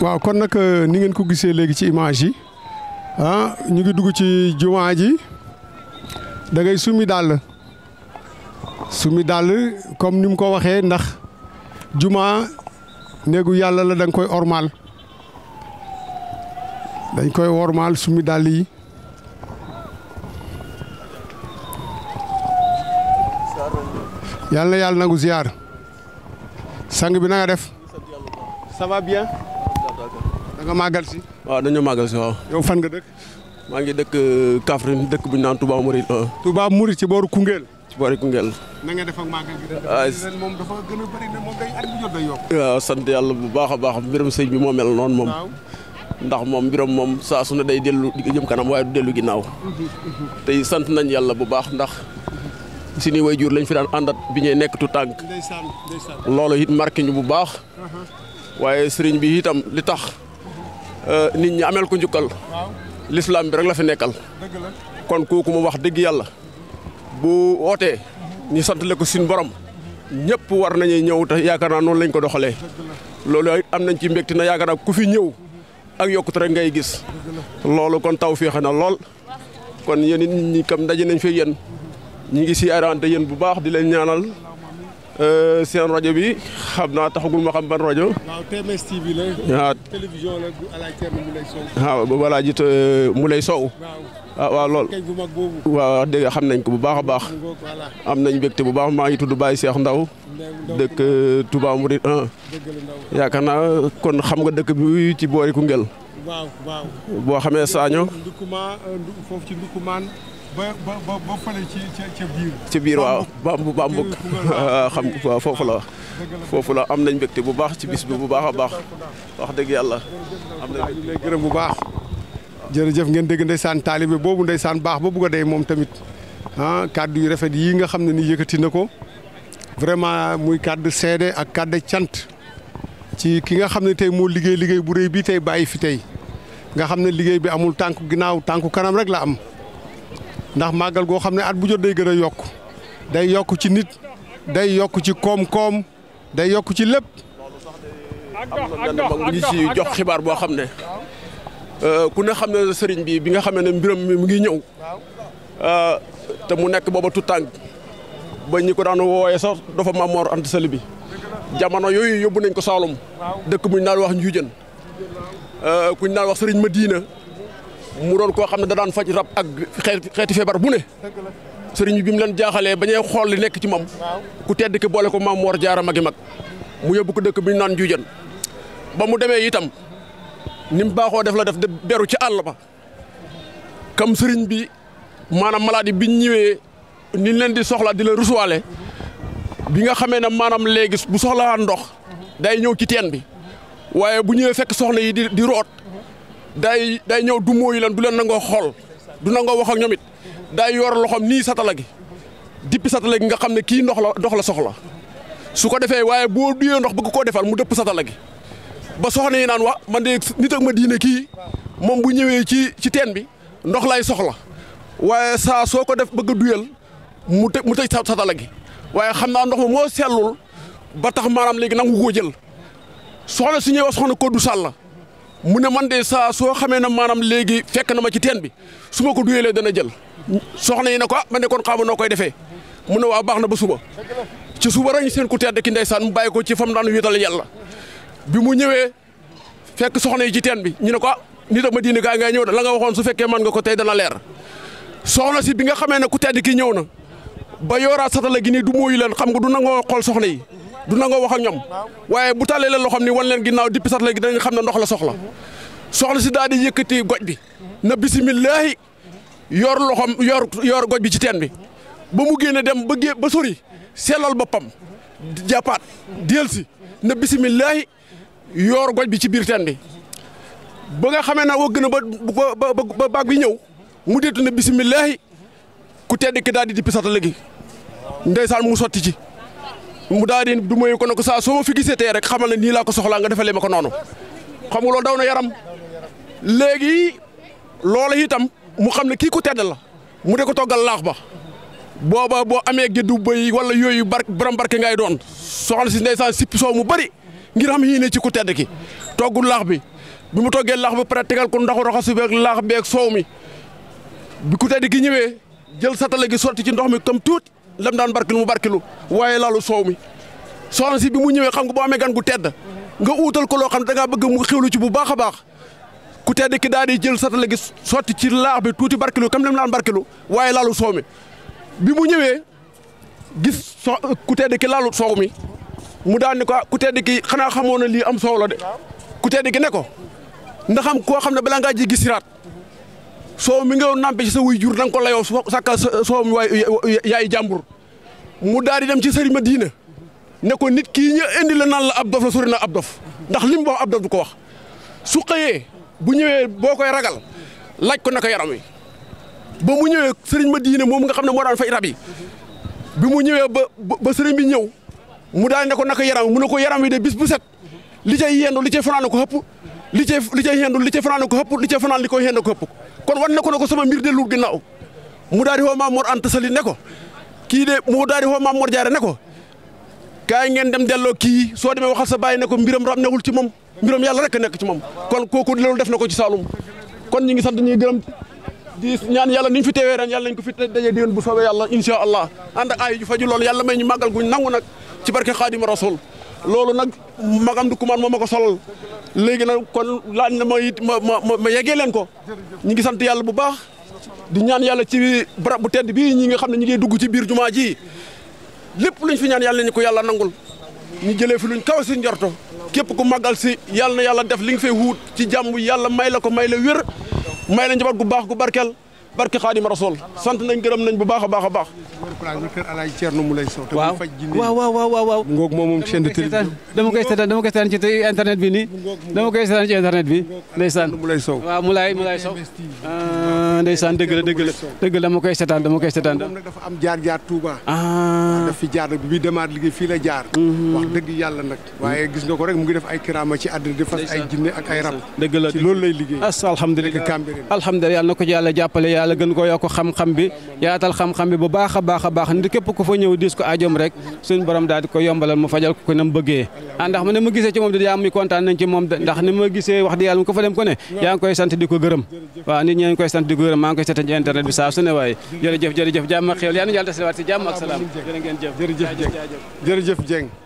waaw kon nag euh, ni ngeen ko gisee léegi ci image yi ah ñu ngi dugg ci jumaa ji da summi dàll summi dàll comme ni mu ko waxee ndax jumaa néegu yàlla la da koy ormaal dañ koy wormaal summi dàll yi yàlla yàlla na nangu ziyaar sang bi na def ça va bien. da màggal si. waaw dañoo màggal fan nga dëkk. maa ngi dëkk euh, Kaffrine dëkk bu ñu naan Touba Mouride. Touba ci booru Koungheul. ci booru Koungheul. na nga def ak màggal gi ren ah, sant yàlla bu baax a baax mbirum sëñ bi moo mel noonu moom. ndax moom mbiram moom saa su ne day dellu di jëm kanam waaye du dellu ginnaaw. tey sant nañ yàlla bu baax ndax. suñuy way jur lañ fi daan àndat bi ñuy nekk tànk. loolu it marqué ñu bu baax. Uh-huh. waaye sëriñ bi itam li tax euh, nit ñi ameel ko njukkal lislaam bi rek la fi nekkal kon kooku mu wax dëgg yàlla boo wootee ñu santale ko suñu borom ñëpp war nañuy ñëw te yaakaar naa noonu lañ ko doxalee loolu am nañ ci mbégte na yaakaar ku fi ñëw ak yokkute rek ngay gis loolu kon taw féexe na lool kon yéen nit ñi kam ndaje nañ fi yéen ñi ngi si arante yéen bu baax di leen ñaanal Euh, seen rajo bi xam naa taxagul ma xam ban rajo. waaw TMS TV la. waaw ah. télévision ah, euh, Sow. waaw ah, boobu lool. waaw dégg nga xam nañ ko bu baax a baax. am nañ mbégte bu baax maa ngi tudd Baye Cheikh Ndaw dëkk euh, Touba Mouride 1. yaakaar naa kon xam nga dëkk bi ci boori Koungheul. boo xamee Saño. ba ci biir. ci biir waaw bambu bambu xam waaw foofu la foofu la am nañ mbégte bu baax ci bis bi bu baax a baax wax dëgg yàlla am nañ ñu lay bu baax. jërëjëf ngeen dégg ndeysaan taalibe boobu ndeysaan baax ba bugg a dey moom tamit ah kàddu yu rafet yii nga xam ne nii yëkkati na ko vraiment muy kàddu seede ak kàddu cant ci ki nga xam ne tey moo liggéey liggéey bu rëy bi tey bàyyi fi tey nga xam ne liggéey bi amul tànk ginnaaw tànku kanam rek la am. ndax màggal goo xam ne at bu jot day gën a yokk day yokk ci nit day yokk ci koom-koom day yokk ci lépp. am na benn mag ñu ci jox xibaar boo xam ne euh, ku ne xam ne sëriñ bi bi nga xam ne mbiram mi mu ngi ñëw euh, te mu nekk booba tuttànk ba ñi ko daan wooyee sax dafa Mamor Anta Sali bi jamono yooyu yóbbu nañ ko Saalum dëkk bu ñu naan wax Njuujën euh, ku ñu naan wax sëriñ diina mu doon koo xam ne da daan faj rab ak xeeti feebar bu ne sëriñ bi mu leen jaaxalee bañee xool li nekk ci moom ku tedd ki boole ko maam Mor Jaara magi mag mu bu ko dëkk bi ñu naan Njuujan ba mu demee itam ni mu baaxoo def la def de beru ci àll ba kam sëriñ bi maanaam maladie bi ñëwee ni leen di soxla di la rusuwaale bi nga xamee ne maanaam léegi bu soxlaa ndox day ñëw ci teen bi waaye bu ñëwee fekk soxna yi di di root day day ñëw du mooyu leen du leen nangoo xool du nangoo wax ak ñoom day yor loxoom nii satala gi dippi satala nga xam ne kii ndox la ndox la soxla su ko defee waaye boo duyee ndox bëgg koo defal mu dëpp satala ba soxna yi naan wa man de nit ak ma diine kii moom bu ñëwee ci ci teen bi ndox lay soxla waaye saa soo ko def bëgg a duyal mu të mu tëj satala gi waaye xam naa ndox ma moo sellul ba tax maanaam léegi nangu koo jël soxna su ñëwee soxna ko du sàlla mu ne man de saa soo xamee na maanaam léegi fekk na ma ci teen bi su ma ko duyelee dana jël soxna yi na ko ah man de kon xamu noo koy defee mu ne waaw baax na ba suba ci suba rañ seen ku tedd ki ndeysaan mu bàyyi ko ci fam daan wéetal yàlla bi mu ñëwee fekk soxna yi ci teen bi ñu ne ko ah nit ak ma diine gaa ngay ñëw da la nga waxoon su fekkee man nga ko tey dana leer soxna si bi nga xamee ne ku tedd ki ñëw na ba yoraa satala gi nii du mooyu leen xam nga du nangoo xool soxna yi du nangoo wax ak ñoom waaye bu tàllee la loxoom xam ni wan leen ginnaaw dippi sat léegi danañ xam ne ndox la soxla si daal di yëkkati goj bi na bisimilahi yor loxom yor yor goj bi ci teen bi ba mu génne dem ba gé ba sori sellal boppam jàppaat del si na bisimilahi yor goj bi ci biir teen bi ba nga xamee na wëgg na ba baag bi ñëw mu déetu na bisimilahi ku tedd ki daal di dippi sat léegi ndeysaan mu sotti ci mu daa di du moy ko ne ko saa soo ma fi gisee tee rek xamal ne nii laa ko soxlaa nga defalee ma ko noonu xam nga loolu daw na yaram léegi loola itam mu xam ne kii ku tedd la mu de ko toggal laax ba booba boo amee géddu bëy wala yooyu bar borom barke ngay doon soxna si ndeysaan sippi soow mu bari ngir xam yii ne ci ku tedd ki toggul laax bi bi mu toggee laax ba pare tegal ko ndoxu raxasu beeg laax beeg soow mi bi ku tedd ki ñëwee jël satala gi sotti ci ndox mi comme tuuti lam daan barkilu mu barkilu waaye laalu soow mi soxna si bi mu ñëwee xam nga boo amee gan gu tedd nga uutal ko loo xam ne da ngaa bëgg mu xewlu ci bu baax a baax ku tedd ki daal di jël satala gi sotti ci laax bi tuuti barkilu kam lam daan barkilu waaye laalu soow mi bi mu ñëwee gis so ku tedd ki laalu soow mi mu daan ni ko ah, ku tedd ki xanaa xamoon na lii am soow la de ku tedd ki ne ko ndaxam koo xam ne balaa ngaa ji gis siraat soow mi nga nampe ci sa wuy jur danga ko layoo sàkkal soow mu waay yaay jàmbur mu daal di dem ci sëriñ ma diina ne ko nit kii ñu indi la nan la ab dof la sori na ab dof ndax lim wax ab dof ko wax su xëyee bu ñëwee boo koy ragal laaj ko naka yaram wi ba mu ñëwee sëriñ ma diine moom nga xam ne moo daan fay rab yi bi mu ñëwee ba ba sëriñ bi ñëw mu daal ne ko naka yaram mu ne ko yaram wi de bis bu set li cay yendu li cay fanaana ko xëpp li cay li cay xendu li cay fanaan ko xëpp li cay fanaan li koy xendu ko xëpp kon wan na ko ne ko sama mbir de lu ginnaaw mu daal di xoo maam Mor Anta Sali ne ko kii de mu daal di xoo maam Mor Jaara ne ko yi ngeen dem delloo kii soo demee waxal sa bàyyi ne ko mbiram ram newul ci moom mbiram yàlla rek nekk ci moom kon kooku loolu def na ko ci Saloum kon ñu ngi sant ñuy gërëm di ñaan yàlla ni ñu fi teewee ren yàlla nañ ko fi dajee déwén bu soobee yàlla incha allah ànd ak ay ju faju loolu yàlla may ñu màggal guñ nangu nag ci barke xaadima rasul loolu nag magam du kumaan moo ko solal léegi nag kon laaj na ma it ma ma ma yeggee leen ko ñu ngi sant yàlla bu baax di ñaan yàlla ci barab bu tedd bii ñi nga xam ne ñu ngi dugg ci biir jumaa ji lépp luñ fi ñaan yàlla nañu ko yàlla nangul ñu jëlee fi luñ kaw si njorto képp ku màggal si yàlla yàlla def li nga fay wuut ci jàmm yàlla may la ko may la wér may la njaboot gu baax gu barkeel barke xaadim rasool sant nañ gërëm nañ bu baax a baax a baax couloir kër Alaaji Thierno Moulay Sow. waaw waaw waaw waaw. mu ngoog moom moom chaîne de télévision. dama koy seetaan dama koy seetaan ci internet bi nii. dama koy seetaan ci internet bi. ndeysaan Moulay Sow waaw Moulay Moulay Sow. ndeysaan dëgg la dëgg la dëgg la dama koy seetaan dama koy seetaan. moom nag dafa am jaar jaar Touba. Ah. daf fi jaar bi demaat liggéey fii la jaar. Mhm. wax dëgg yàlla nag. waaye gis nga ko rek mu ngi def ay kiraama ci àddina di fas ay jinne ak ay rab. dëgg la ci loolu lay liggéey. alhamdulilah alhamdulilah yàlla na ko yàlla jàppale yàlla gën ko yokk xam-xam bi yaatal xam-xam bi bu baax a baax a baax nit képp ku fa ñëw diis ko ajoom rek suñ borom daal di ko yombalal mu fajal ko nam bëggee ah ndax ma ne ma gisee ci moom di yaa muy kontaan nañ ci moom ndax ni ma gisee wax di yàlla ko fa dem ko ne yaa ngi koy sant di ko gërëm waaw nit ñaa koy sant di ko gërëm maa ngi koy seetaan ci internet bi saa su ne waaye jërëjëf ak xéwal yaa nu yàlla tasalewaat si jàmm ak salaam